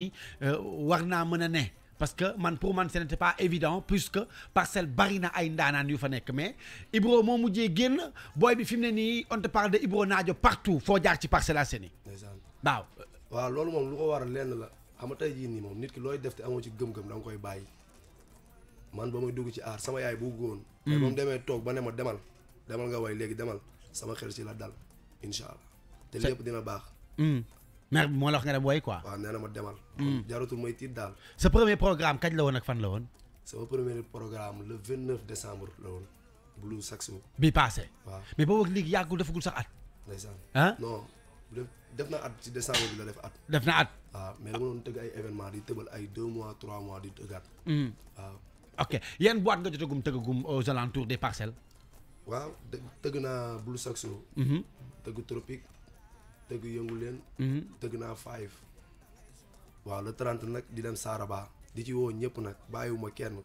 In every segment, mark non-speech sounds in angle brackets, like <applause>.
Euh, warna naa mën parce que man pour man ce n'était pas évident puisque parcelle barina ay ndana yu fa nek mais Ibro mo mujjee génn boy bi fimné ni on te parle de Ibro nadjo partout fo jaar ci Parcelles Assainies waaw wa lolu mom lu ko war lenn la xam nga tey jii nii nit ki loy def te amo ci gëm-gëm dang koy bàyyi man ba may dugg ci art sama yaay bu góon hmm. mais moom demee toog ba néma ma demal demal nga way légui demal sama xel ci la dal inshallah té te lépp dina baax hmm. mais bi moo la wax nga dem woy quoi. waaw nee na ma demal. Mm. jarutul mooy tiit daal. sa premier programme kañ la woon ak fan la woon. sama premier programme le 29 décembre la woon. Blue Saxo. bi passé. waaw mais boobu léegi yàggul defagul sax at. ndeysaan ah def na at ci décembre bi la def at. def na at. waaw mais dama doon tëgg ay événement di tëbal ay deux mois trois mois di tëggaat. Mm. waaw. ok yan boîte nga jotagum tëggagum aux alentours des parcelles. waaw dë tëgg naa Blue Saxo. Mm-hmm. tëgg Tropique. tëgg yëngu leen. Mhm. tëgg naa five. waaw le 30 nag di dem saraba. di ci woo ñëpp nag bàyyiwuma kenn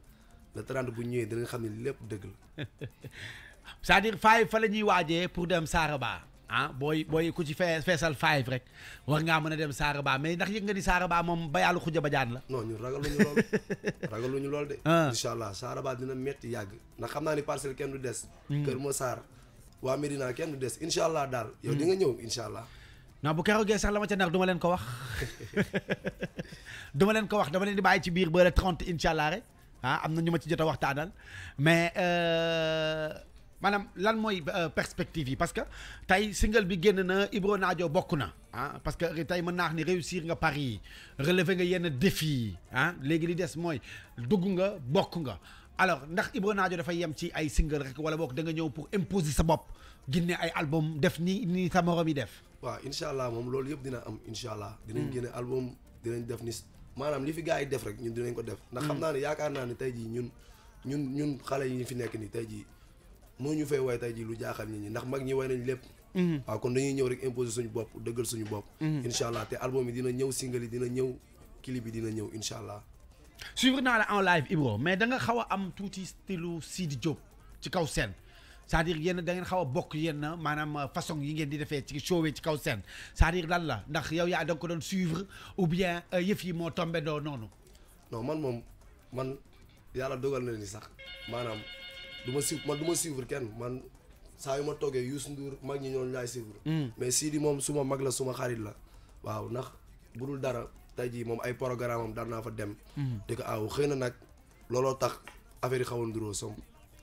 le 30 bu ñëwee dina nga xam ne lépp dëgg la. <laughs> à dire five fa la ñuy waajee pour dem ah booy booy ku ci fee feesal five rek war ngaa mën a dem Saaraba mais ndax yëg nga ni Saaraba moom ba yàlla xuj a bajaan la. non ñun ragaluñu lool <laughs> ragaluñu lool de. Ah. incha allah saraba dina métti yàgg. ndax xam naa ni parcelle kenn du des. Hmm. Kër Massar waa Medina kenn du des incha allah daal. yow di nga hmm. ñëw incha allah. non bu keroogee sax la ma ca nar du ma leen ko wax <laughs> du ma leen ko wax dama leen di bàyyi ci biir ba le 30 incha allah ah, am na ñu ma ci jot a waxtaanal mais euh, maanaam lan mooy euh, perspective yi parce que tey single bi génn na Ibro Nadio bokk na ah parce que tey mën naa ni réussir nga paris yi relever nga yenn défi yi ah léegi li des mooy dugg nga bokk nga alors ndax Ibro Nadio dafay yem ci ay single rek wala bokk da nga ñëw pour imposer sa bopp génne ay album def nii nii sa morom def. waaw incha allah moom loolu yëpp dina am incha allah. dinañ génne album dinañ def ni maanaam li fi gaa yi def rek ñun dinañ ko def. ndax xam mm. naa ne yaakaar naa ne tey jii ñun ñun ñun xale yi ñu fi nekk nii tey jii moo ñu fay way tey jii lu jaaxal ñi ñi ndax mag ñi way nañ lépp. Mm-hmm. waaw kon dañuy ñëw rek imposer suñu bopp dëggal suñu bopp. Mm-hmm. incha allah te album yi dina ñëw single yi dina ñëw clip yi dina ñëw incha allah. suivre naa la en live Ibro mais da nga xaw a am tuuti stylu Sidi Diop ci kaw scène. c'est-à-dire yéen da xaw a bokk yéen maanaam euh, façon yi ngeen di defee ci showee ci kaw seen c'est-à-dire lan la ndax yow yaa da nga ko doon suivre ou bien euh, yëf yi moo tombé doo noonu. non man moom man yàlla dogal na ni sax maanaam du ma suivre man du ma suivre kenn man saa yu ma toogee Youssou Ndour mag ñi ñooñu laay suivre. Hmm. mais sii Sidi moom suma mag la suma xarit la waaw ndax bu dul dara tey jii moom ay programme am daan naa fa dem. Hmm. di ko xëy na nag looloo tax affaire yi xawoon duroo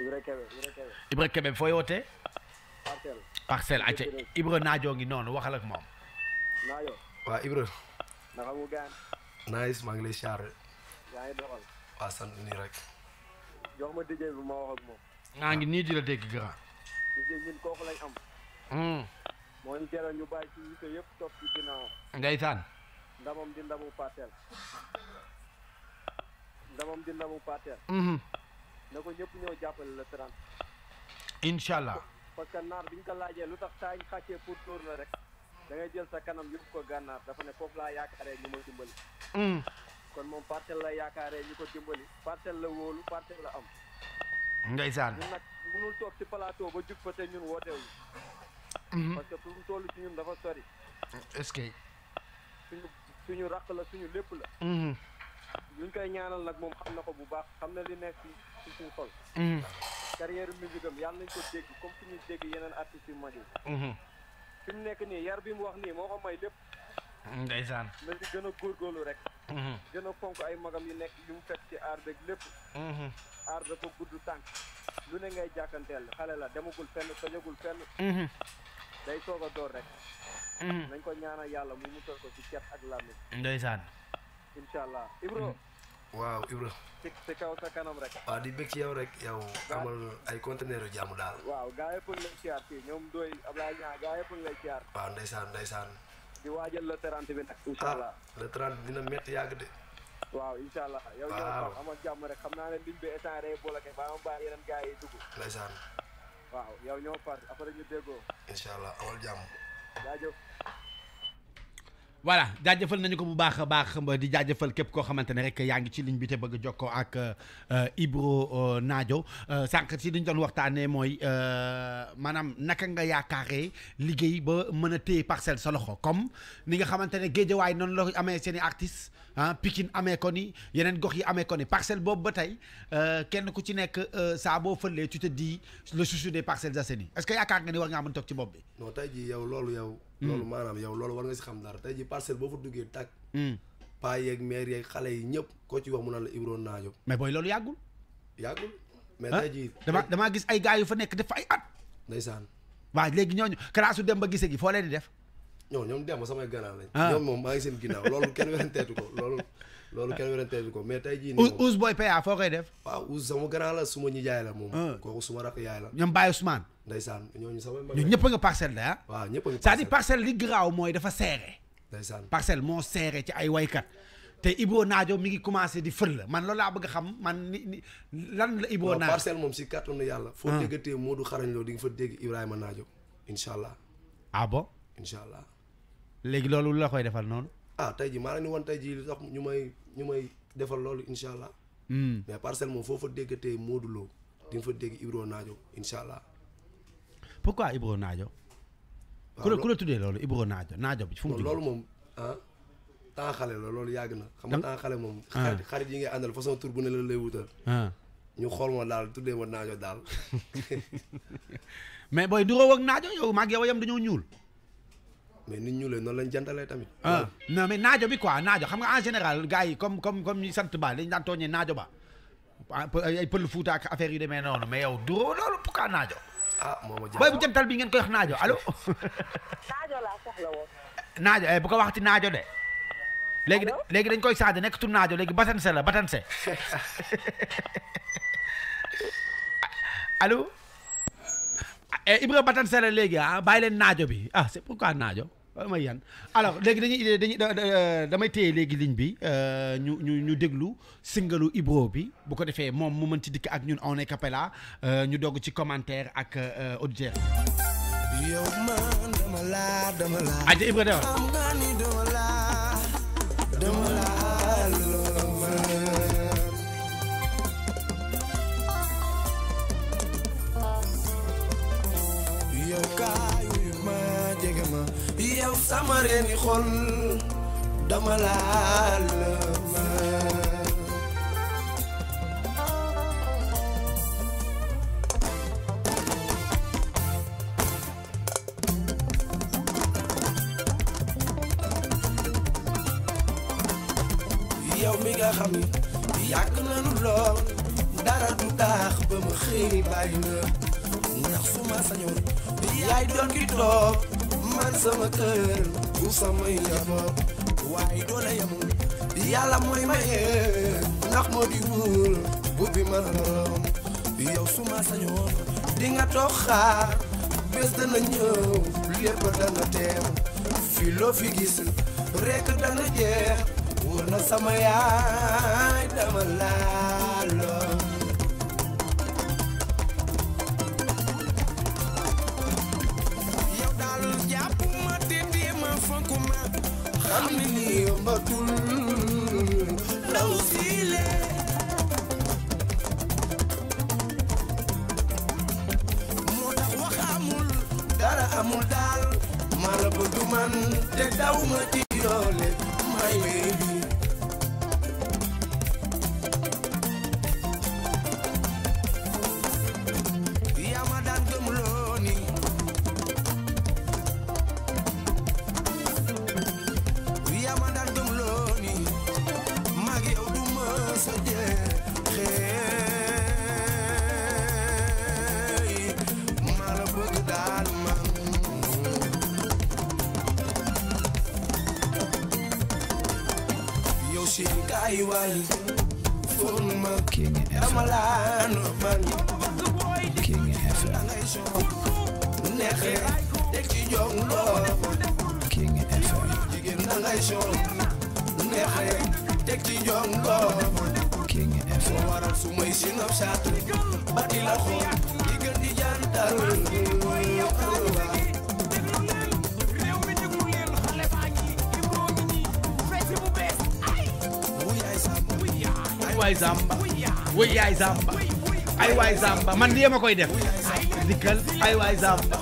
Ibra Kebe Ibra Kebe fooy wootee. parcelle. parcelle acca Ibra naajoo ngi noonu waxal ak moom. naajoo. waa Ibra. naka mu gaan. naaj maa ngi lay siyaare. nii rek. jox ma dijee bi ma wax moom. maa ngi nii di la dégg grand. dijee ñun kooku lañ am. Hmm. moo ñu jaral ñu bàyyi ci yite yëpp topp ci ginnaaw. ndeysaan. ndamam di ndamu parcelle. ndamam di ndamu parcelle. Hmm. na ñëpp ñëw jàppale la Latirane. incha allah parce que naar bi ñu ko laajee lu tax saa ñu xàccee pour tóor la rek da ngay jël sa kanam yóbbu ko gànnaar dafa ne foofu laa yaakaaree ñu ma dimbali. kon moom parcelle la yaakaaree ñu ko dimbali parcelle la wóolu parcelle la am. ndeysaan ñun nag mënul toog ci plateau ba jug fa ñun wootewuñu. parce que fu mu toll ci ñun dafa sori. est-ce que. suñu suñu la mm-hmm. suñu lépp la. luñ koy ñaanal nag moom xam na ko bu baax xam na li nekk ci suñu xol. Mm-hmm. carrière musique am yàlla nañ ko dégg comme fi ñu dégg yeneen artistes yu mag mm-hmm. mu nekk nii yar bi mu wax nii moo ko may lépp. ndeysaan. na si gën a góorgóorlu rek. Mm-hmm. gën a fonk ay magam yu nekk yu mu fekk ci aar beeg lépp. aar dafa gudd tànk. lu ne ngay jàkkanteel xale la demagul fenn sañagul fenn. day soog a door rek. nañ ko ñaanal yàlla mu musal ko ci cet ak làmmiñ. ndeysaan. inshallah Ibro hmm. Wow, Ibro ci kaw sa kanam rek waaw di bëgg ci yow rek yow amal ay conteneur jaamu daal waaw gaa yëpp lay siyaar fii ñoom doy Ablaye Niang lay di waajal le 30 bi nag inshallah le 30 dina metti yàgg de waaw inshallah yow ñoo amal jàmm rek xam naa ne lim bi état Wow, bolake ba ma bàyyi yeneen Insyaallah, yi dugg ndeysaan yow ñoo après ñu inshallah amal voilà jaajëfal nañu ko bu baax a baax di jaajëfal képp koo xamante ne rek yaa ngi ci ligne bi te bëgg a jokkoo ak euh, Ibro euh, naajo euh, sànq si li ñu doon waxtaanee mooy maanaam naka nga yaakaaree liggéey ba mën a téye parcelle sa loxo comme ni nga xamante ne waaye noonu la amee seen i artistes. ah Pikine amé ko ni yeneen gox yi amé ko ni parcelle boobu ba tey euh, kenn ku ci nekk euh, sa bo feulé tu te dis le souci des parcelles assainies est ce que yakar nga ni war nga am tok ci bobu bi. non tay ji yow lolu yow. Hmm. lolu manam yow lolu war nga ci xam dara tey jii parcelle boo fa duggee tàkk. Hmm. paa yeeg maire yeeg xalé yi ñep ko ci wax mu naan la Ibro Naajo. mais boy lolu yagul yagul mais tay ji dama dama gis ay gaay yu fa nek def ay at. ndaysan wa léegi ñooñu classu dem ba gisé gi fo leen di def. non ñoom Demba samay gànnaar lañ. ah ñoom moom maa ngi seen ginnaaw loolu kenn weranteetu ko loolu. loolu kenn weranteetu ko mais tey jii. nii moom Ouz Boy PA foo def. waaw Ouz sama gànnaar la suma ñi jaay la moom. Ah. kooku suma rakk yaay la. ñoom Baye Ousmane. ndeysaan ñooñu a nga parcelle la ah. waaw ñëpp a nga parcelle cest à parcelle li garaaw mooy dafa seere. ndeysaan parcelle moo seere ci ay waykat. te Ibo Naajo mi ngi commencé di fër la man loolu laa bëgg a xam man ni ni lan la Ibo Naajo parcelle moom si kàttanu yàlla ah. foo déggatee Modou Xarañ Lo di nga fa dégg Ibrahima Naajo incha allah ah bon incha léegi loolu la koy defal noonu. ah tey ji maa leen woon tey jii li tax ñu may ñu may defal loolu incha allah. Hmm. mais parcelle moom foo fa déggatee Modou Lo fa dégg Ibro Naajo incha allah. pourquoi Ibro Naajo. waaw loolu ku la tuddee loolu Ibro Naajo Naajo bi fu mu. loolu moom ah. temps xale la loolu yàgg na. xam nga temps xale moom. Ah. xarit xarit yi ngay àndal façon tur bu ne la lay wutal. Ah. ñu xool ma daal tuddee ma Naajo daal. <laughs> mais booy duróo ak Naajo yow maag yow yam dañoo ñuul. mais ni ñu leen noonu lañ jantalee tamit. ah non naajo bi quoi naajo xam nga en général gars yi comme comme comme ñu sant ba dañ daan tooñee naajo ba ah, ay pël fuuta ak affaire yu demee noonu mais yow duroo loolu pourquoi naajo. ah moom booy bu jantal bi ngeen koy wax naajo alo <laughs> naajo laa soxla woon. naajo eh, bu ko waxati naajo de. léegi léegi dañ koy saade nekk tu naajo léegi batanse la batanse <laughs> allo. Eh, Ibra Batan Sele léegi ah bàyyi leen naajo bi ah c'est pourquoi naajo may yan alors léegi dañuy dañuy damay téye léegi ligne bi euh, ñu ñu ñu déglu singalu Ibro bi bu ko defee moom mu mën ci dikk ak ñun one est euh, ñu dogg ci commentaire ak euh, auditeur yow man dama laa dama laa yow kaay wuyu ma jege ma yow sama reeni xol dama laal ma yow mi nga xam dara du tax ba ma xëy ndax yaay doon ki toog man sama kër bu sama njaboot waaye doole yamul yàlla mooy maye ndax moo di wul bu bi ma rom yow su ma sañoon di nga toog xaar bés dana ñëw lépp dana teew fii loo fi gis rekk dana jeex wër na sama yaay dama laa famille yombatul ndaw si lee moo tax wax amul dara amul daal maa la bëgg man te daw ma ci sinop saatu bati la xool waay zamba wuy yaay zamba ay man lii ma koy def dikkal ay waay zamba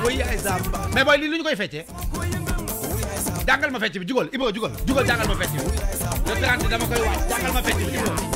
wuy yaay zamba mais booy lii lu ñu koy feccee jàngal ma fecc bi jugal Ibro jugal jugal jàngal ma fecc bi le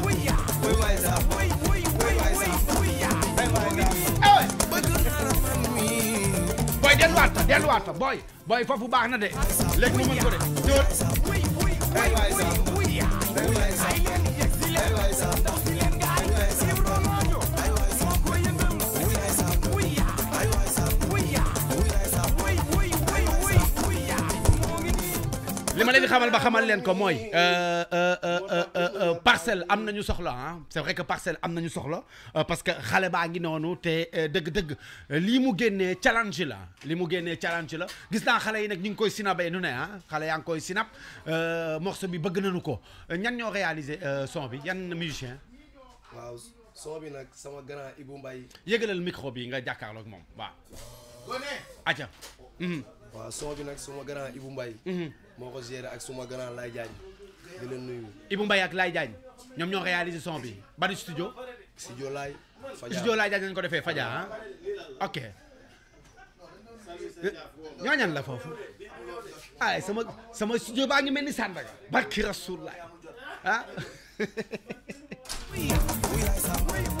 delluwaat fa booy booy foofu baax na de léegi mu mën ko de jóor li ma leen di xamal ba xamal leen ko mooy euh, euh, euh, parcelle am nañu soxla hein c'est vrai que parcelle am nañu soxla euh, parce que xalé ba ngi noonu té deug deug li mu génnee challenge la li mu génnee challenge la gis na xalé yi nak ñu ngi koy sinabé nu né hein ah. xalé yaa ngi koy sinap euh, morceau bi bëgg nañu ko euh, ñan ñoo réaliser son bi yan musicien waaw son bi nak sama grand Ibou Mbaye yëgalal micro bi nga jakarlo jàkkaarloog moom waaw gone hmm waaw son bi nak sama grand Ibou Mbaye hmm moko géré ak sama grand Lay Diagne di leen nuyu Ibou Mbaye ak Lay Diagne ñoom ñoo réalisé bi ba studio. studio studio laay dañ ko defee Fadia ah. ok ñoo ñan la foofu sama sama studio baa ngi mel ni Sandaga barki Rasulullah ah. <laughs>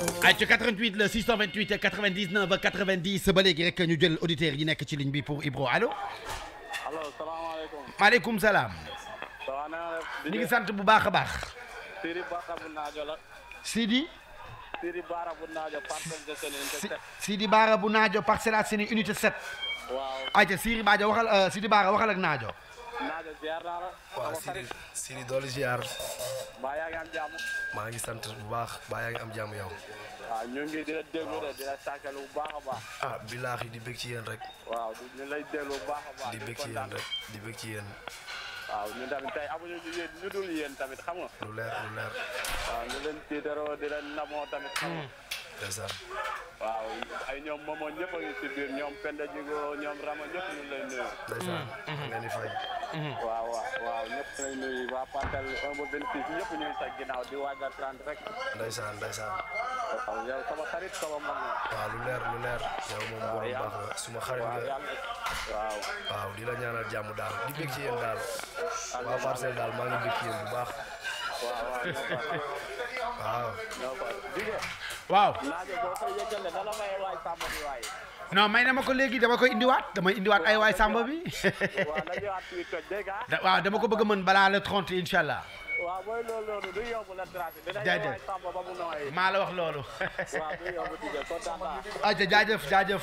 Euh, Aïe, 88 le 628 99 90 ba léegi rek ñu jël auditeurs yi nekk pour Ibro allo. allo salam alaikum. salaam. ñu ngi sant bu baax. Sidi Sidi. Sidi Bara bu naajo parcelle de unité 7. Sidi Baara bu parcelle de 7. Euh, Sidi Bara, waxal ak Naajo ziar naa la. waaw Sidi Sidi doole ziar. mbaa yaa ngi am jàmm. maa ngi sant bu baax mbaa yaa ngi am jàmm yow. waaw ñu ngi di la déglu de di sàkkal bu baax a baax. ah yi di bëgg ci yéen rek. waaw di lay déglu bu baax a baax. di bëgg ci yéen rek di bëgg ci yéen. waaw ñu tamit tey amuñu yéen ñu dul yéen tamit xam nga. lu leer lu leer. waaw ñu leen tiitaroo di namoo tamit. Mm-hmm. Mm-hmm. wow, wow, momo ñëpp a ngi ci biir ñoom penda jigo ñoom rama ñëpp ñu lay nuyu wow, wow, ni fay waaw waaw waaw ñëpp lay nuyu di waagal 30 rek ndeysaan ndeysaan waaw sama xarit sama mag waaw lu leer lu leer yow moom bu wow, wow, suma xarit nga waaw waaw di la ñaanal jàmm wow, wow, bég ci waaw. non may na ma ko léegi dama koy indiwaat damay indiwaat ay waay samba bi <laughs> waaw dama ko bëgg mën balaal le trente incha allah. waaw mooy loolu loolu maa la wax loolu. waaw du yomb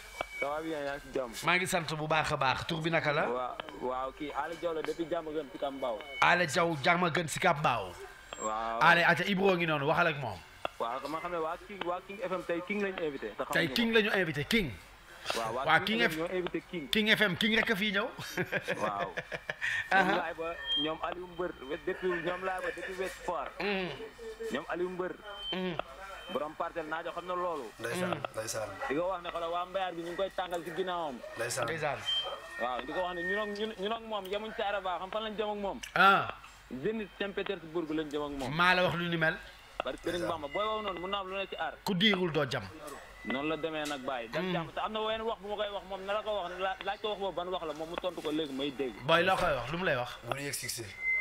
ça va bien maa ngi sant bu baax a baax tur bi naka la. waaw waaw kii Aliou Diaw la depuis jàmm gën si Kap Mbaaw. Aliou Diaw jàmm gën si Kap Mbaaw. waaw Aliou ati Ibro ngi noonu waxal ak moom. waaw ma xam ne waa King waa King FM tey King lañu invité. tey King lañu invité King. waaw waa King FM King rek a fii ñëw. <laughs> waaw. ñoom <laughs> laay ba ñoom Aliou Mbër depuis ñoom laay ba depuis West Foire. Mm. ñoom Aliou Mbër. Mm. borom parcelle naajo xam na loolu. ndeysaan mm. ndeysaan. di ko wax ne xoolal waa mbayaar bi ñu ngi koy tàngal ci ginnaawam. ndeysaan ndeysaan. waaw di ko wax ne ñun ak ñun ak moom yemuñ ci araba xam fan lañ jëm ak moom. ah. Zénith Saint Pétersbourg lañ jëm ak moom. maa la wax lu ni mel. parce que Sëriñ Bamba booy wow noonu mun naa lu ne ci ku diirul doo jam. noon la demee nag bàyyi. dañ mm. jàmm te am na wax bu ma koy wax moom na la ko wax laaj ko wax boobu ban wax la moom mu tontu ko léegi may dégg. booy loo koy wax lu mu lay wax.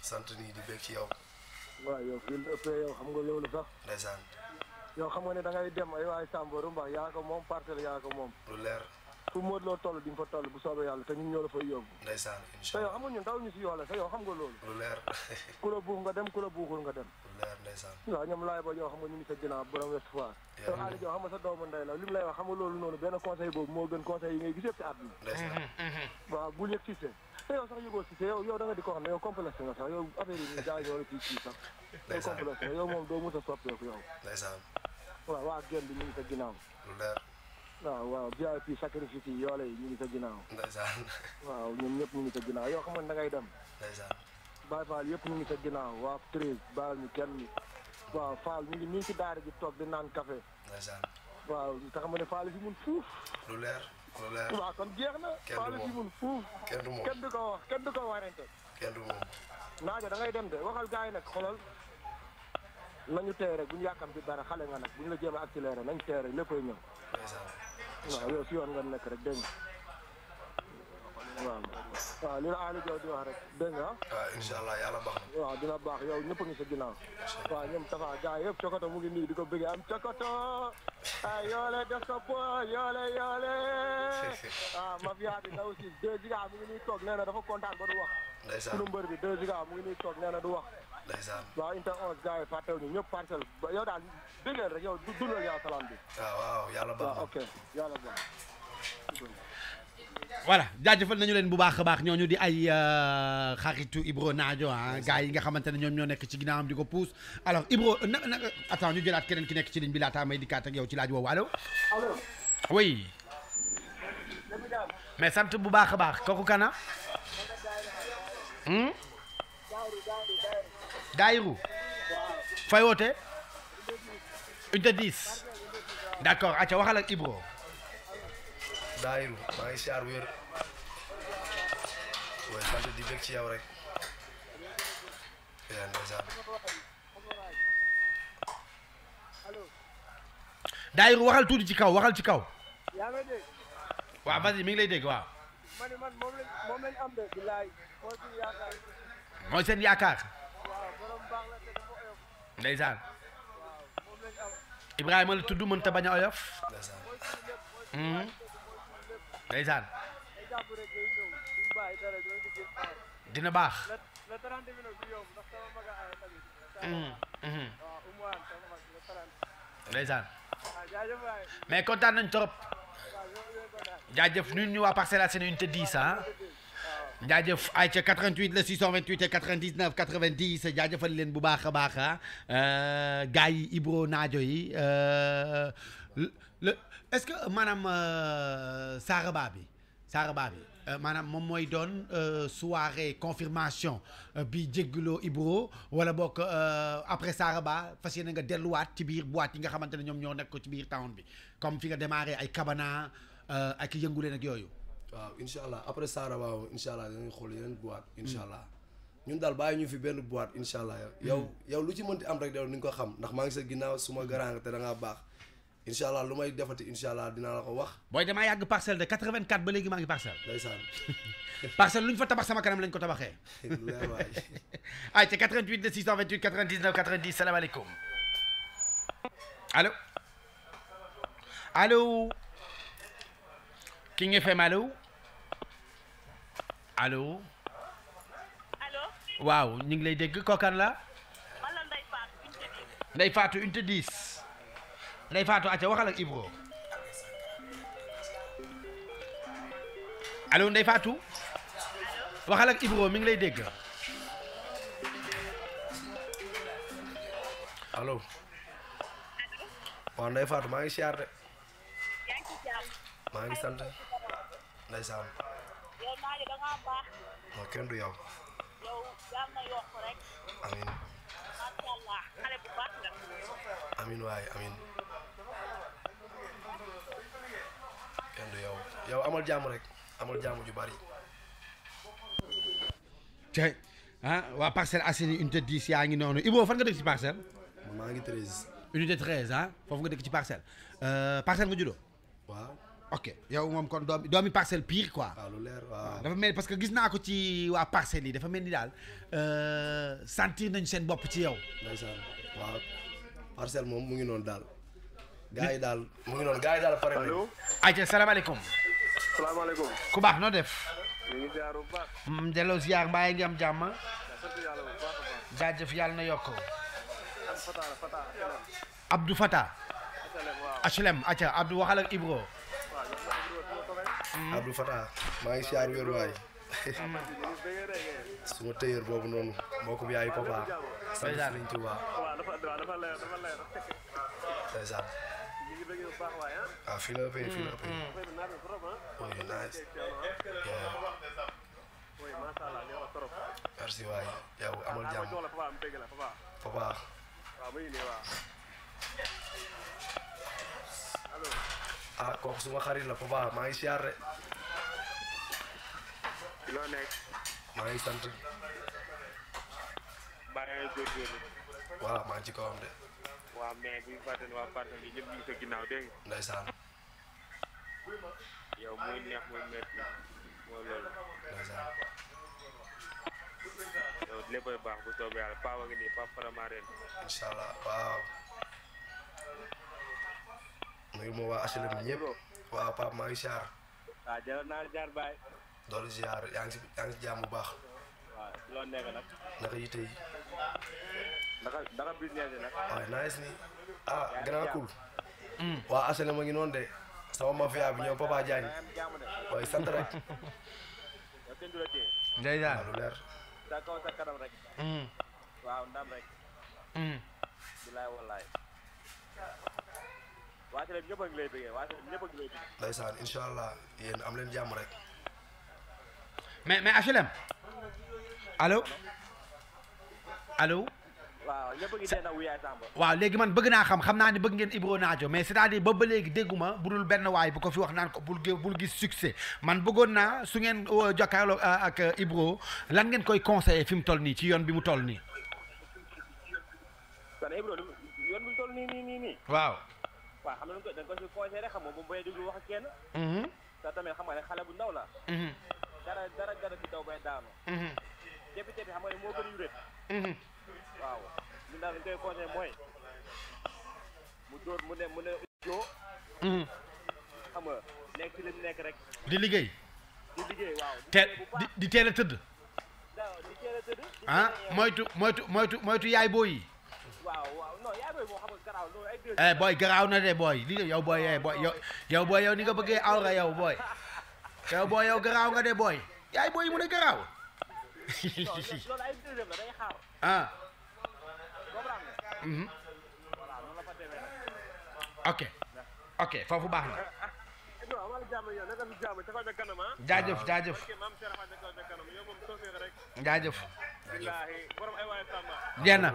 sant nii di bég ci yow. waaw yow fii lu ëppee yow xam nga loolu sax. ndeysaan. xam nga ne da ngay dem ay waay Samboro Mbax yaa ko moom parcelle yaa ko moom. lu leer. fu Modou Lo toll di fa toll bu soobee yàlla te ñun ñoo la fay yóbbu. ndeysaan te yow xam nga si yoo xam nga loolu. lu leer. <laughs> ku la buux nga dem ku la buuxul nga dem. lu leer ndeysaan. waaw ñoom laay ba yoo xam nga ñu ngi sa ginnaaw borom West Foire. te Aliou joo xam nga sa doomu ndey la li mu lay wax xam nga loolu noonu benn conseil boobu moo gën conseil yi ngay gis te yow sax yëgoo si yow yow da nga di ko xam ne yow complexe nga sax yow affaire yi jaay nga war a kii kii sax. yow complexe nga yow moom doo mos a soppeeku yow. ndeysaan. waaw waa Gën bi ñu ngi sa ginnaaw. waaw waaw VIP sacrifice yi yoo lay ñu ngi sa ginnaaw. ndeysaan. waaw ñun ñëpp ñu sa ginnaaw yoo xam ne da ngay dem. ndeysaan. Baye Fall yëpp ñu ngi sa ginnaaw waa Treize baal ñu kenn. waaw Fall ñu ngi nii ci daara ji toog di naan café. ndeysaan. waaw te xam nga ne Fall fi mun fuuf. waaw kon jeex na. kenn du moom kenn du ko wax kenn du ko warante. naajo da ngay dem de waxal gars yi nag xoolal nañu tey rek bu ñu yàkkam ci dara xale nga nag bu ñu la jéem a accéléré nañ tey rek léppay ñëw. waaw yow si yoon nga nekk rek dégg waaw waaw li la di wax rek dégg nga waaw ah, insha allah yàlla waaw dina baax yow ñëpp ngi sa ginnaaw waaw tafa mu ngi di bëgg am cokoto ah yoole def sa bo <laughs> ah mafia bi daw si deux giga mu ngi nii toog nee dafa kontaan ba du wax sunu mbër bi deux giga mu ngi nii toog nee du wax ndeysaan waaw inter onze gaa yi ñu yow daal rek yow dundal bi ah, waaw ok voilà jaajëfal nañu len bu baax a ñoo ñu di ay euh, xaritu Ibro Najo, ah, gars yi nga xamantene ñoo nekk ci ginaam alors Ibro attends ñu jëlaat keneen ki nekk ci ligne bi may Oui. ak yow ci laaj wo allo. allo. oui. mais sant bu baax baax kana. Hmm? Dayru. fay 10. d'accord à waxal ak Ibro. daayiru maa ngi siyaar wér mooy sant di bëgg ci yow rek yaa ndeysaan daayiru waxal tuuti ci kaw waxal ci kaw waaw vas-y mi ngi lay dégg waaw mooy seen yaakaar ndeysaan Ibrahima la tudd mënta bañ a oyof ndeysaan dina baax mhm, mhm. ndeysaan mais kontaan nañ trop jaajëf ñun ñu waa Parcelles Assainies unité 10 ah jaajëf ay ca 88 la 628 et 99 90 jaajëfal leen bu baax a baax ah euh, gars yi Ibro Naajo yi euh, le est-ce que euh, maanaam euh, Saaraba bi Saaraba bi euh, maanaam moom mooy doon soirée confirmation bi jégguloo Ibro wala bokk après Saaraba fas yéene nga delluwaat ci biir boîte yi nga xamante ne ñoom ñoo nekk ko ci biir town bi comme fi nga démarré ay Kabana ak yëngu leen ak yooyu. waaw incha allah après Saaraba moom incha allah dinañ xool yeneen boîte hmm. incha allah. ñun daal bàyyi ñu fi benn boîte incha allah yow hmm. yow lu ci mënti am rek yow ni nga ko xam ndax maa ngi sa ginnaaw suma hmm. inshallah lu may defati inshallah dina la ko wax boy dama yag parcel de 84 ba legui maa ngi parcelle ndeysaan <laughs> parcelle lu fa tabax sama kanam lañ ko tabaxé <laughs> ay ca 88 de 628 99 90 alaykoum allo allo King FM allo allo allo waaw ñu ngi lay dégg kookan la Ndeye Fatou unité 10 day faatu acca waxal ak Ibro allo lay dégg allo waaw nday faatu maa ngi siyaar de maa ngi sant ndeysaan kenn yow yow amal jàmm rek amal jàmm ju bari. tey ah waa Parcelles Assainies unité 10 yaa ngi noonu Ibo fan nga dëkk ci parcelle. maa ngi 13. unité 13 ah foofu nga dëkk ci parcelle euh, parcelle nga juddoo. waaw ok yow moom kon doom doomi parcelle pire quoi. waaw ah, leer waaw dafa mel parce que gis naa ko ci waa parcelles yi dafa mel ni daal euh, sentir nañ seen bopp ci yow. ndeysaan moom mu ngi noonu daal. gaa yi daal mu ngi noonu gaa daal pare nañu. ayca salaamaaleykum. salaamaaleykum. ku baax noo def. ñu ngi ziar bu baax. Mm, delloo ziar mbaa ngi am jàmm. jaajëf na yokk. Fata. HLM Ibro. Mm. Abdou Fata maa ngi ziar wér waay. Mm. <laughs> suma tëyër boobu noonu moo ko papa. sant Sëriñ waaw fii la ëppee fii amal jàmm papa. ah kooku suma xarit la papa maa ngi siyaar maa ngi sant. waaw maa ngi ci waa mais bu fàttali waa parcelle yi ñëpp ñu sa ginnaaw dégg yow muy neex muy metti moo loolu. ndeysaan. yow léppay baax bu soobee yàlla paa wa ngi nii paa ma waa HLM ñëpp. baax. waaw naka ah, ah grand cool. waa asalaama ngi noonu de. sama mafia bi ñoom Papa Diagne. waaye sant rek. ndeysaan waa Sélém ñëpp rek. mais mais H&M. allo allo. waaw léegi man bëgg naa xam xam naa ni bëgg ngeen Ibro naajo mais c'est-à-dire ba léegi dégguma bu budul benn waay bu ko fi wax naan ko bul bul gis succès man bëggoon naa su ngeen uh, jokkaarloo uh, ak uh, Ibro lan ngeen koy conseillé fi mu toll nii ci yoon bi mu toll nii. yoon bi mu toll nii nii nii nii. waaw. waaw xam nga da nga ko si conseillé rek xam nga wax ak kenn. Mm-hmm. te tamit xam nga ne xale bu ndaw la. Mm-hmm. dara dara dara jafe-jafe xam nga ne moo bëri yu rëdd. waaw mooy mu dóor mhm. xam nga rek. di liggéey. di liggéey te di di a tëdd. ah moytu moytu moytu moytu yaay booy yi. waaw waaw non yaay booy moo eh, booy garaaw na de booy li yow booy eh booy ni nga bëggee awra yow booy yow booy yow garaaw nga de booy yaay booy mu ne garaaw. loolu ay deuxième la day xaar. ah. ok ok foofu baax na. jaajëf jaajëf. jaajëf. jeex na.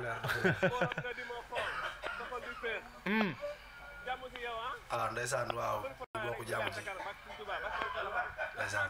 alors ndeysaan waaw bokk jaamu ji ndeysaan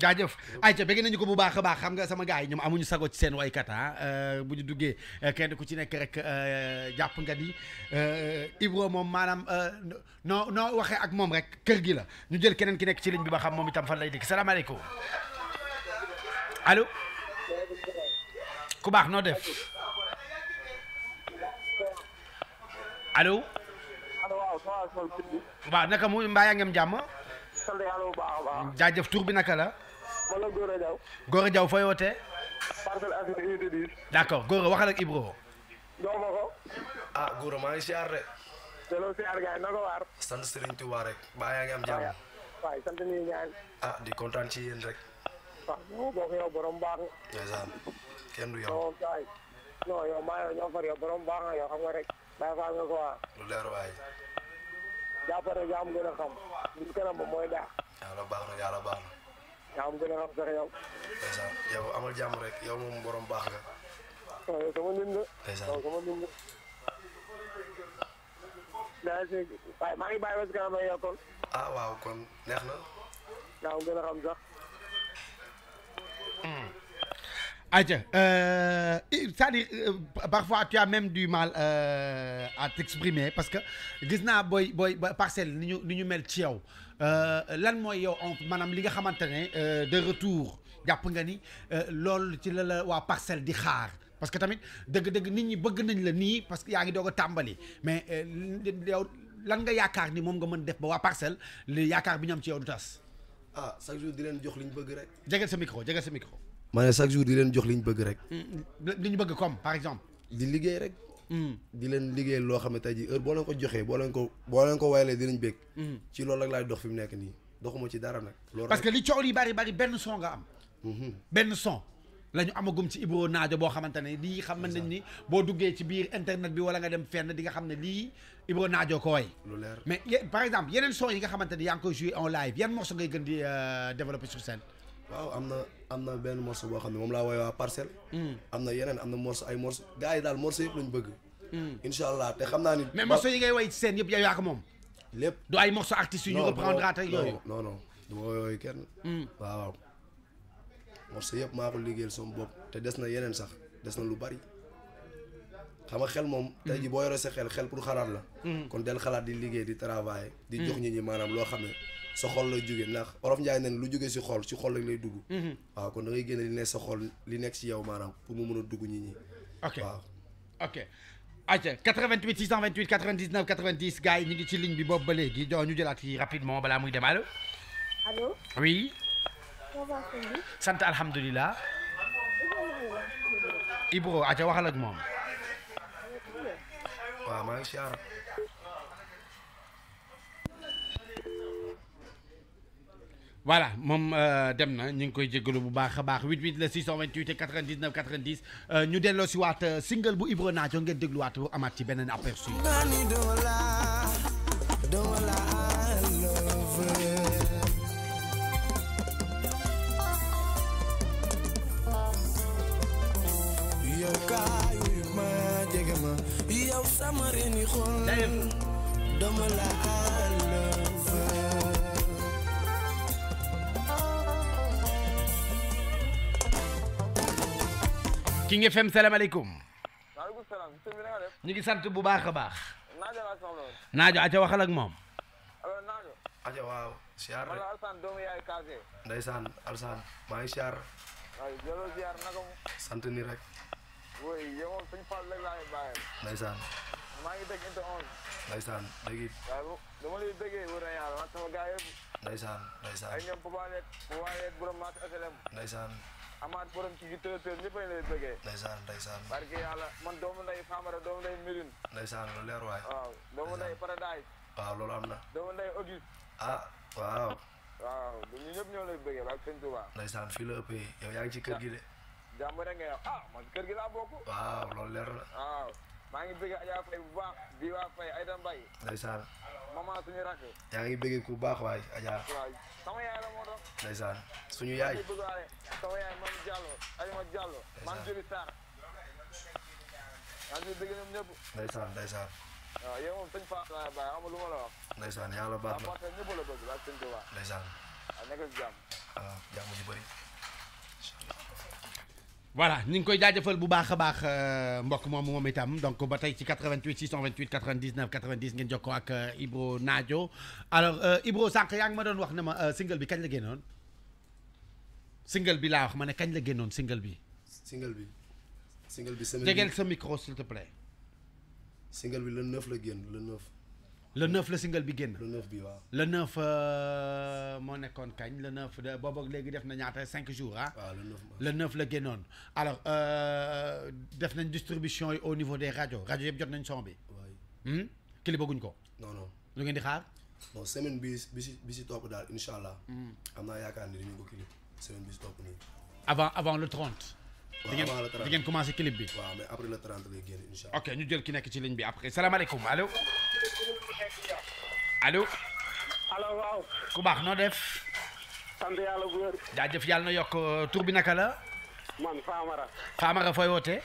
jaajëf ayca bëgg nañu ko bu baax a baax xam nga sama gars yi ñoom amuñu sago ci seen waykat ah euh, bu ñu duggee euh, kenn ku ci nekk rek euh, jàpp nga Ibro moom maanaam noo noo waxee ak moom rek kër gi la ñu jël keneen ki nekk ci ligne bi ba xam moom itam fan lay dikk salaamaaleykum allo ku baax noo def alo waaw naka mu mbaa yaa ngi jàmm sant yàlla bu a baax. bi naka la. man la Gora Diaw. Gora Diaw fooy wootee. Parcelles Assainies unité 10. a Gora waxal ak Ibro. jox ma ko. ah Gora maa ngi siyaar de. delloo siyaar gaay na ko waar. sant Serigne Touba rek baa yaa ngi ah di kontaan ci yéen rek. waaw faa nga ko waa. lu leer waay. jàppale yaa am gën a xam li kanam mooy daax. yàlla baax na yàlla baax na. yaa am gën a xam sax yow. ndeysaan yow amal jàmm rek yow moom borom baax nga. waaw maa ngi bàyyi ba kanam ak yow kon. ah waaw kon neex na. yaa am gën a xam sax. Hmm. Adja, euh, c'est-à-dire euh, parfois tu as même du mal euh, à t'exprimer parce que gis boy boy booy parcelle ni ñu mel ci yow euh lan moy yow on maanaam li nga xamantene euh de retour japp nga ni euh, loolu ci la wa waa parcelle di xaar parce que tamit deug deug nit ñi bëgg nañ la ni parce que yaangi dogo tambali mais euh, yow lan nga yaakaar ni mom nga mën def ba wa parcelle li yaakaar bi ñam ci yow du tass ah chaque jour di len jox liñ bëgg rek. jege sa micro jege sa micro. ma ne chaque jour di leen jox li ñu bëgg rek. Mm, mm, li ñu bëgg comme par exemple. di liggéey rek. Mm. di leen liggéey loo xam ne tey jii heure boo leen ko joxee boo leen ko boo leen ko wayalee dinañ bëgg. ci loolu fi mu nekk nii doxuma ci dara nag. que li coow li bari bari benn son nga am. Mm-hmm. benn son. la ñu amagum ci Ibro Naajo boo xamante ne lii xam nañ ni boo duggee ci biir internet bi wala nga dem fenn di nga xam ne lii Ibro Naajo ko way lu leer mais par exemple yeneen son yi nga xamante ne yaa ngi koy joué en live yan morceau ngay gën di euh, développer sur scène. waaw am na am na benn morceau boo xam ne moom laa woy waa parcelle. Hmm. am na yeneen am na morceau ay morceau gars yi daal morceau yëpp ñu bëgg. Hmm. incha allah te xam naa ni. mais morceau yi ngay woy ci seen yëpp yow yaa ko moom. lépp du ay morceau artistes yu ñu reprendre ak yooyu. non du ma yooyu kenn. Hmm. waaw morceau yëpp maa ko liggéeyal sama bopp te des na yeneen sax des na lu bari. xam nga xel moom tey ji boo yoree sa xel xel pour xalaat la kon del xalaat di liggéey di travailler di jox nit loo xam ne sa xol lay jóge ndax orof njaay nen lu jóge si xol si xol rek lay dugg mhm. waaw kon da génne li nekk sa xol li nekk si yow maanaam pour mu mën a dugg nit ñi ok waaw ok aca 88 628 99 90 gars yi ñu ngi ci ligne bi boobu ba léegi do ñu jëlaat yi rapidement balaa muy dem allo allo oui sant Ibro aca waxal ak moom waaw maa ngi siyaar voilà mon euh, Demna, na nous 88 628 99 90 nous delloo waat euh, single bu Ibro nous ngeen dégluwaat nous ma ci aperçu. nous la King FM salaamaaleykum. waaleykum salaam. ñu ngi sant bu baax a baax. Naajo laa soxla woon. aca waxal ak moom. allo Naajo. aca waaw. siyaar rek man la Alsaan yaay Kaase. ndeysaan Alsaan maa ngi siyaar. waaw jëloo siyaar naka mu. sant ni rek. woy yow moom suñu Fall rek laay bàyyee. ndeysaan. maa ngi dégg inte onze. ndeysaan dégg it. waaw dama lay déggee wër na yàlla man sama gars yëpp. ndeysaan ndeysaan. ay amaat borom ci yitteel teel ñëpp a lay bëggee. ndeysaan ndeysaan. barke yàlla man doomu nday Famara doomu nday Médine. ndeysaan lu leer waay. waaw doomu nday Paradise. waaw loolu am na. doomu nday Auguste. ah waaw. waaw ñun ñëpp ñoo lay bëggee barke sëñ Touba. ndeysaan fii la ëppee yow yaa ngi ci kër gi de. jàmm rek nga yow ah, man kër gi la bokk. waaw loolu na la. waaw. maa ngi bëgg Adja Faye bu baax bii waa Faye Aïda Mbaye ndeysaan maman suñu rakk yaa ngi bëgg ku baax waay Adja waaw sama yaay la moo doon ndeysaan suñu yaay bëgg waale sama yaay man Diallo Adama Diallo man Joli Sarr maa ngi bëgg ñoom ñëpp ndeysaan ndeysaan waaw yow moom sëñ laa bàyyi lu ma la wax ndeysaan yàlla baax parce que ñëpp la bëgg sëñ ndeysaan nekk jàmm waaw jàmm ju bëri voilà ñu ngi koy jaajëfal bu baax a baax euh, mbokk moom moom itam donc ba tey ci 88 628 99 90 ngeen jokkoo ak euh, Ibro Nadio alors euh, Ibro sànq yaa ngi ma doon wax ne ma single bi kañ la génnoon single bi laa wax ma ne kañ la génnoon single bi. single bi single bi semaine jegeel sa micro s'il te plaît. single bi le 9 la génn le 9 le 9 le single bi le 9 bi le 9 euh, moo nekkoon kañ le 9 de 5 jours ah. le 9 le 9 alors euh, def nañ distribution au niveau des radios radio yëpp jot nañ son bi. Hmm? le bëgguñ ko. non non lu ngeen di xaar. semaine bi bi semaine avant avant le 30. le di clip bi. mais après le 30 ok ñu jël ki nekk ci ligne bi après allo. allo. allo waaw. ku baax noo def. sant yàlla bu Da def yàlla na yokk euh, tur bi naka la. man Famara. Famara foy wote?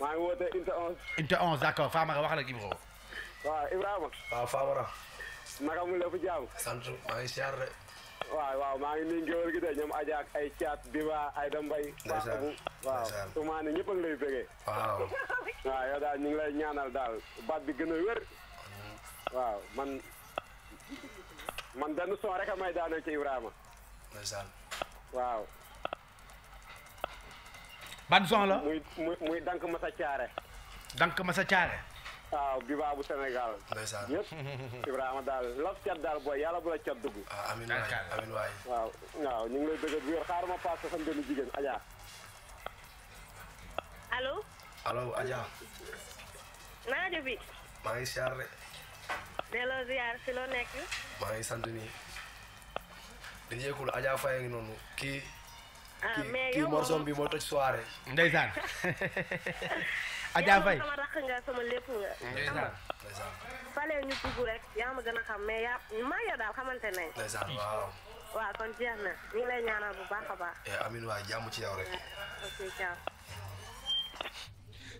maa ngi wootee Inte 11. Inte 11 d'accord Famara wax la Gibro. Wa, Ibrahima. Wa, Famara. naka mu lépp jam? sant ma ngi siyaar re. Wa, wa, ma ngi ni ngéwél gi de ñoom Adja ak ay caat Biba ay Dambay. ndeysaan waaw Soumaane ñëpp a ngi lay bëggee. Wa, <laughs> waaw yow daal ñu ngi lay ñaanal baat bi gën a waaw man man benn son rek a may daaneel ci Ibrahima. ndeysaan. waaw. ban son la. muy muy muy Dank Masa Thiaré. Dank Masa Thiaré. waaw bi baa bu ndeysaan ñëpp Ibrahima daal laf cat daal booy yàlla bu la cat dugg. ah amiin waaw waaw ñu ngi lay dëgg bu yor xaaral ma paas sa benn jigéen Adja. allo. allo Adja. naa jëfi. maa ngi siyaare. delloo ziar si loo nekk. maa ngi sant nii. dañuy yëkkul Adja Faye ngi noonu kii. ah mais bi moo toj soirée. ndeysaan. <laughs> Adja Faye sama rakk nga dugg rek yaa ma gën a xam mais yaa maa yow daal xamante nañ. ndeysaan waaw. waaw kon jeex na ñu lay ñaanal bu baax a baax. Eh, amiin waay jàmm ci yow rek.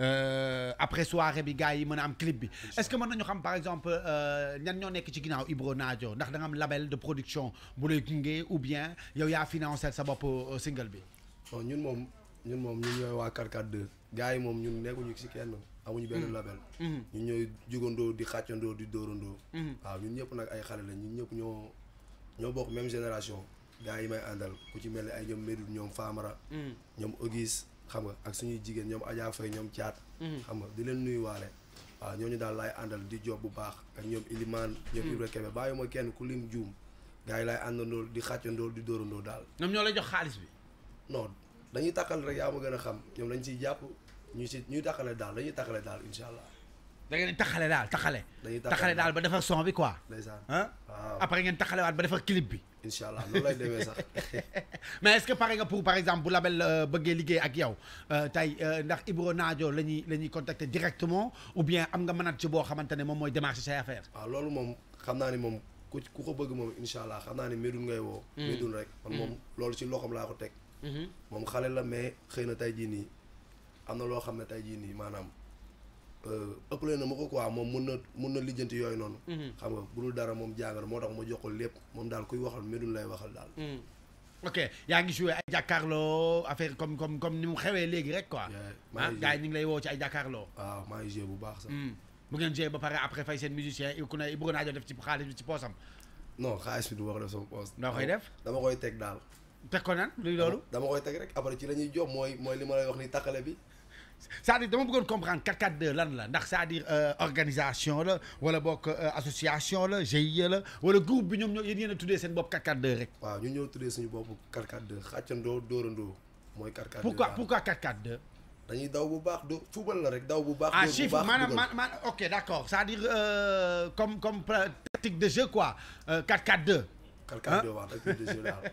Euh, après soirée bi y am clip est-ce que vous par exemple euh, ñan ñoo nek ci ginaaw Ibro Nadio ndax da nga am label de production bu lay ou bien yow ya financé sa bop euh, single bi ñun mom ñun mom ñun ñoy wa 2 mom ñun ñu ci kenn amuñu mm-hmm. label mm-hmm. ñun ñoy di xatchando di nous mm-hmm. wa ñun ay la ñun même génération gars may andal ku ci mel ay ñom Famara xam nga ak suñuy jigéen ñoom Adja Faye ñoom caat mhm. xam nga di leen nuyuwaale waaw ñu daal laay àndal di job bu baax ak ñoom Ilimane ñoom mhm. Ibra Kebe bàyyi ma kenn ku lim juum gars yi laay àndandoo di xàccandoo di dóorandoo daal ñoom ñoo lay jox xaalis bi non dañuy tàqal rek yaa ma gën a xam ñoom dañ ciy jàpp ñu si ñuy tàqale daal dañuy tàqale daal incha allah da ngeen taxale daal taxale. taxale daal ba defar son bi quoi. ah après ngeen taxale waat ba defar clip bi. incha allah loolu lay demee sax. <laughs> mais est ce que pare nga pour par exemple bu label euh, bëggee liggéey ak yow euh, tey euh, ndax Ibro Naajo la ñuy la ñuy contacter directement ou bien am nga mënat ci boo xamante ne moom mooy démarche say affaire. waaw ah, loolu moom xam naa ni moom ku ku ko bëgg moom incha allah xam naa ni Medoune ngay woo. Medoune hmm. rek man moom hmm. loolu ci loxoom laa ko teg. Hmm. moom la mais xëy na tey jii nii am na loo xam ne tey jii nii maanaam. Euh, ëpp ëppale na ma ko quoi moom mun na mun na lijjanti yooyu noonu. Mhm. xam nga bu dul dara moom jàngal moo tax ma jox ko lépp moom daal kuy waxal Médoune lay waxal daal. Mhm. ok yaa ngi joué ay jàkkaarloo affaire comme comme comme ni mu xewee léegi rek quoi. ah yi ñu ngi lay woo ci ay jàkkaarloo. waaw maa baax sax. bu mhm. ngeen joué ba pare après fay seen musicien ku ne bëgg naa def ci xaalis bi ci poosam. non xaalis bi du ma ko def sama poos. noo koy def dama koy teg daal. teg ko nan luy loolu. dama koy teg rek après ci la ñuy jox mooy mooy li ma lay wax ni takkale bi C'est-à-dire, je veux comprendre 4 4 2 c'est-à-dire euh, organisation, là, ou la euh, association, là, GIE, là, ou le groupe, il y a des études de 4 4 2 rek. Ah, nous avons des études de 4 4 2 Khatchando, Dorando, moi 4 4 2 Pourquoi 4 4 2 Dañuy daw bu baax do football la rek daw bu baax do Ah chief man man OK d'accord cest à dire euh, comme comme euh, tactique de jeu quoi 4 4 2 4 4 2 hein? wa tactique de jeu là <laughs>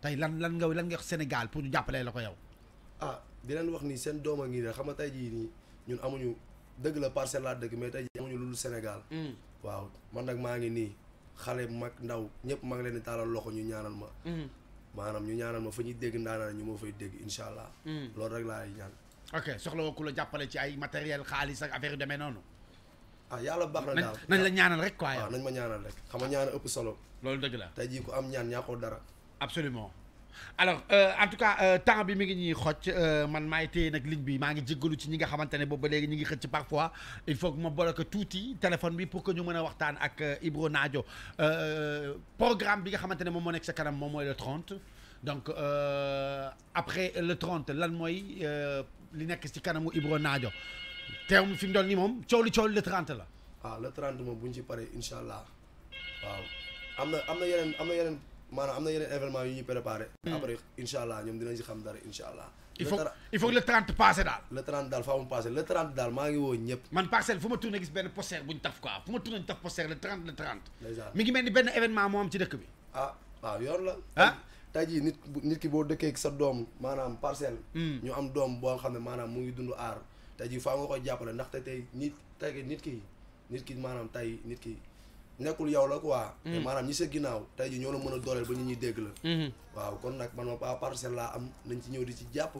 tey lan lan nga lan nga wax Sénégal pour ñu jàppalee la ko yow. ah di leen wax ni seen doom ngi de xam nga tey jii nii ñun amuñu dëgg la parcelle laa dëgg mais tey jii amuñu loolu Sénégal. Mm. waaw man maa ngi nii xale mag ndaw ñëpp maa ngi leen di ñu ñaanal ma. Mm. maanaam ñu ñaanal ma fa ñuy dégg ndaanaan ñu moo fay dégg incha allah. Mm. loolu rek laay ñaan. ok soxla woo ku la jàppale ci ay matériel xaalis ak affaire yu demee noonu. ah yàlla baax na daal nañ la ñaanal rek quoi. waaw nañ ma ñaanal rek ñaan ëpp solo. loolu dëgg la tey jii ku am ñaan ñaa ko dara. absolument alors euh, en tout cas euh, temps bi mi ngi ñuy xocc euh, man maay téye nak ligne bi ma ngi jéggalu ci ñi nga xamante ne boobu ba léegi ñu ngi xëcc parfois il faut que ma bloqué touti téléphone bi pour que ñu mëna waxtaan ak Ibro Nadio programme bi nga xamante mom mo nek sa kanam mom moy le 30 donc euh, après le 30 lan mooy li nek ci kanamu Ibro Nadio teew mi fi ndol ni mom moom coow le 30 la. Ah le 30 mom buñ ci paré inshallah. waaw Amna amna yenen amna yenen maanaam am na yeneen événement yu ñuy préparé. Hmm. après incha allah ñoom dinañ si xam dara incha allah. il faut il faut le 30 passé daal. le 30 daal faa mu passé le 30 daal maa ngi woo ñëpp. man parcelle fu ma tourné gis benn poster bu ñu taf quoi fu ma tourné ñu taf poster le 30 le 30. mi ngi mel ni benn événement moo am ci dëkk bi. ah waaw yoon la. ah jii nit nit ki boo dëkkee sa doom maanaam parcelle. Hmm. ñu am doom boo xam ne maanaam mu ngi dund aar tey jii faa nga ko jàppale ndaxte tey nit tey nit ki nit ki maanaam tey nit ki. nekul yow la quoi manam mm. ñi sa ginaaw tay ji ñoo la mëna a ba ñi ñi dégg la mm-hmm. waaw kon nak man ma parcel la am nañ ci ñëw di ci japp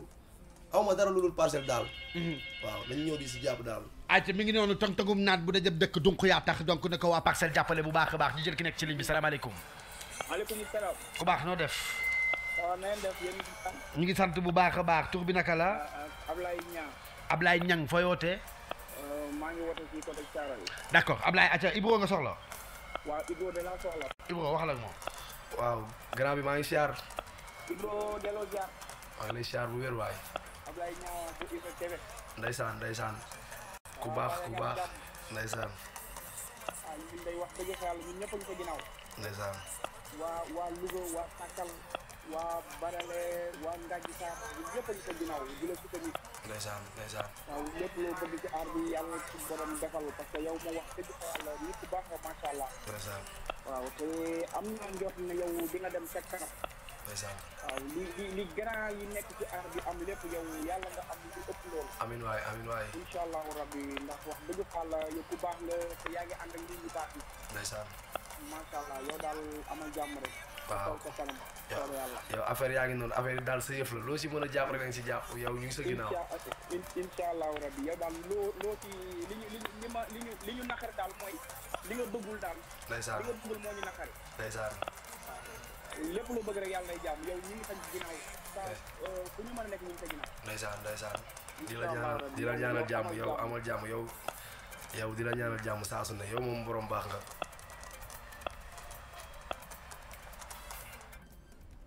aw ma dara lu dul parcelle daal mm-hmm. waaw nañ ñëw di japp dal ay ayca mi ngi noonu tang tangum naat bu dajab dëkk dunk ya tax donc na wa parcel jappalé bu baax baax ñu jël ki nek ci ligne bi alaykum alaykum salam ku baax no def ñi ngi sant bu baax baax tur bi naka la euh, euh, ablay ñang ablay ñang fooy wootee euh, maa ngi wootee si côté d'accord ablay acha ibro nga soxlo Ibu Ibro de laa Wow, kenapa waxal ak moom. waaw grand bi maa ngi siyaar. Ibro delloo siyaar. maa ngi lay siyaar bu wér waay. Ablaye Niang bu Ibro TV. ndeysaan ndeysaan. ku baax ku baax ndeysaan. wah ñun day wax dëgg yàlla ñun ñëpp a ngi ko ginnaaw. ndeysaan. Barale wa ko ndeysaan ndeysaan waaw lépp loo bëgg ci aar bi yàlla ci borom defal parce que yow ma wax dëgg fa yàlla nit ku baax macha allah ndeysaan waaw te am na njort ne yow di nga dem ca kanam ndeysaan waaw li li li grand yi nekk ci aar bi am lépp yow yàlla nga am lu ëpp loolu amin waay amin waay insha allahu rabbi ndax wax dëgg fa yàlla yow ku baax la te yaa ngi ànd ak nit ñu baax yi ndeysaan macha allah yow daal amal jàmm rek waaw kanam yow affaire yaa ngi noonu affaire yi daal sa yëf la loo si mën a jàpp rek nañ si jàpp yow ñu sa ginnaaw incha rabbi yow lu, loo loo ci li ñu li ñu li ñu naqari daal mooy li nga bëggul daal ndeysaan li nga bëggul moo ñu naqari ndeysaan lépp lu bëgg rek yàlla lay jàmm yow ñu ngi sa ginnaaw sa eh. euh, fu ñu mën a nekk ñu ngi sa ginnaaw ndeysaan ndeysaan di la ñaanal di la ñaanal jàmm yow amal jàmm yow yow di la ñaanal jàmm saa su ne yow moom borom baax nga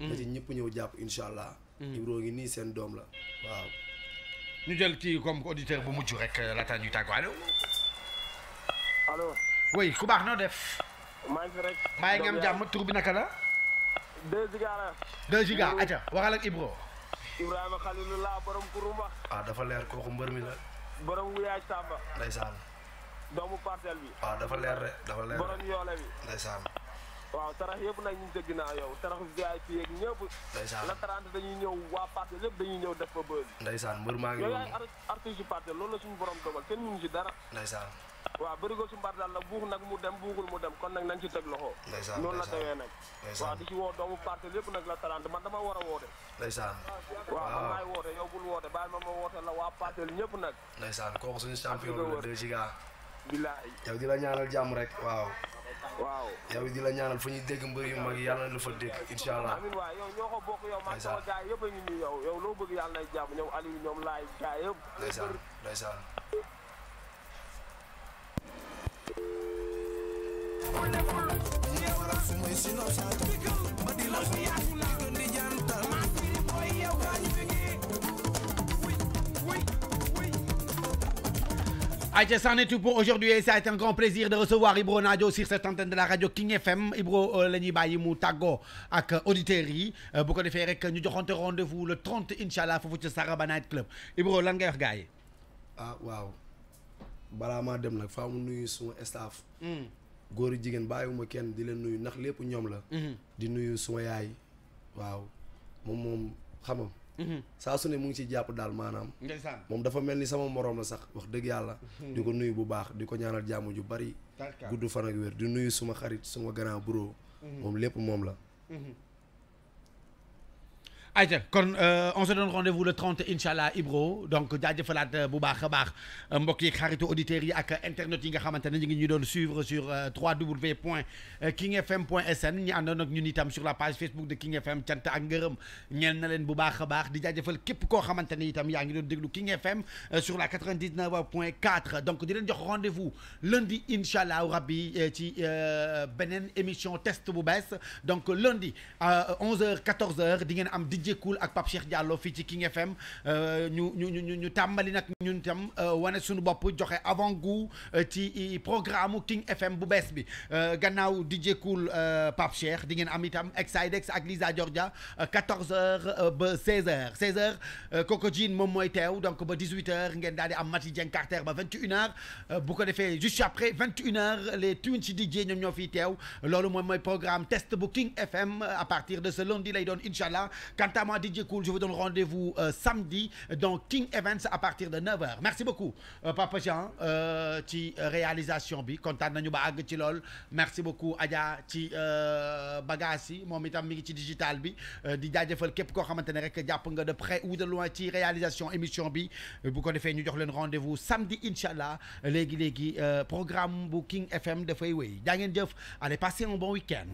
na mm-hmm. ci ñëpp ñëw jàpp incha allah. Mm-hmm. Ibro ngi nii seen doom la waaw. ñu jël ci comme auditeur bu mujj rek euh, laata ñuy tàgg allo. allo. ku baax noo def. maa ngi fi am jàmm tur bi naka la. 2 giga la. 2 giga aca waxal ak Ibro. Ibrahima Khalilullah borom Kurumba. ah dafa leer kooku mbër mi la. borom Wuyaay Samba. ndeysaan. doomu parcelle bi. waaw ah, dafa leer de dafa leer borom yoole bi ndeysaan. waaw tarax yëpp nag ñu ngi sa yow tarax VIP yeeg ñëpp ndeysaan la trente dañuy ñëw waa parti lépp dañuy ñëw def fa bëri ndeysaan mbër maa ngi yow yaay artiste parti loolu la suñu borom dogal kenn mënu ci dara ndeysaan waaw bëri ko sumbar daal la buux nag mu dem buuxul mu dem kon nag nañ ci teg loxo noonu la nag waaw di ci woo doomu parti lépp nag la trente man dama war a woote ndeysaan waaw man maay woote yow bul woote bàyyi ma ma woote la waa parti ñëpp nag ndeysaan kooku suñu champion la deux giga bilaay yow di la ñaanal jàmm rek waaw waaw yow di la ñaanal fu ñuy dégg mbër yu mag yàlla na la fa dégg incha allah. amiin waay yow ñoo ko bokk yow man sama gars yëpp a ngi nii yow yow loo bëgg yàlla nay jàmm ñoom Aliou ñoom laay gars yëpp. ndeysaan ndeysaan. Thank you. Aïe, c'en est tout pour aujourd'hui et ça a été un grand plaisir de recevoir Ibro Nadio sur cette antenne de la radio King FM Ibro euh, la ñuy bàyyi mu tàggoo ak auditeurs yi euh, bu ko defee rek ñu rendez-vous le 30 Inch'Allah allah foofu ci Saraba Night Club Ibro lan wax gars ah waaw balaa maa dem nak faa mu nuyu suma staff. Hmm. góor jigéen bàyyiwuma kenn di len nuyu nak lepp ñom la. Hmm. di nuyu suma yaay waaw moom mom xamam. Mm-hmm. saa su ne mu ngi ciy jàpp daal maanaam moom dafa mel ni sama moroom la sax wax dëgg yàlla mm-hmm. di ko nuyu bu baax di ko ñaanal jàmm ju bari gudd fan ak wér di nuyu suma xarit suma grand bro mm-hmm. moom lépp moom la ayca kon euh, on se donne rendez-vous le 30 Inch'Allah, Ibro donc jaajëfalaat euh, bu baax a baax euh, mbokk yi xaritu auditeurs yi ak internet yi nga xamante ne ñu ngi ñu doon suivre sur www.kingfm.sn. point kingfm point sn ñu sur la page Facebook de King FM cant ak ngërëm ñeel na leen bu baax a baax di jaajëfal képp koo xamante itam yaa ngi doon King FM sur la 99.4. donc di leen jox rendez-vous lundi Inch'Allah, rabbi ci Benen, émission test bu donc lundi à 11h 14h di ngeen am DJ Cool ak Pape Cheikh Diallo fi ci King FM nous euh, ñu ñu ñu tambali nak ñun euh, suñu avant goût euh, programme King FM bu bees bi gannaaw DJ Cool Pape Cheikh di ngeen am itam Exidex ak Lisa Georgia 14h ba 16h 16h Coco Jean donc ba 18h ngeen daldi am Mati Carter ba 21h bu ko juste après 21h les tunes ci DJ ñom ñofi tew lolu moy programme test bu King FM à partir de ce lundi lay doon inshallah Quant à moi, DJ Cool, je vous donne rendez-vous euh, samedi dans King Events à partir de 9h. Merci beaucoup, euh, Papa Jean, euh, ci réalisation bi Content nañu ba àgg ci lool merci beaucoup Adja ci euh, bagage yi moom itam mi ngi ci digital bi di jaajëfal kep ko xamantene rek japp nga de près ou de loin ci réalisation émission bi bu ko defee ñu jox leen rendez-vous samedi inshallah. Légui légui programme bu King FM de wéy Daniel ngeen jëf allez passer un bon week-end.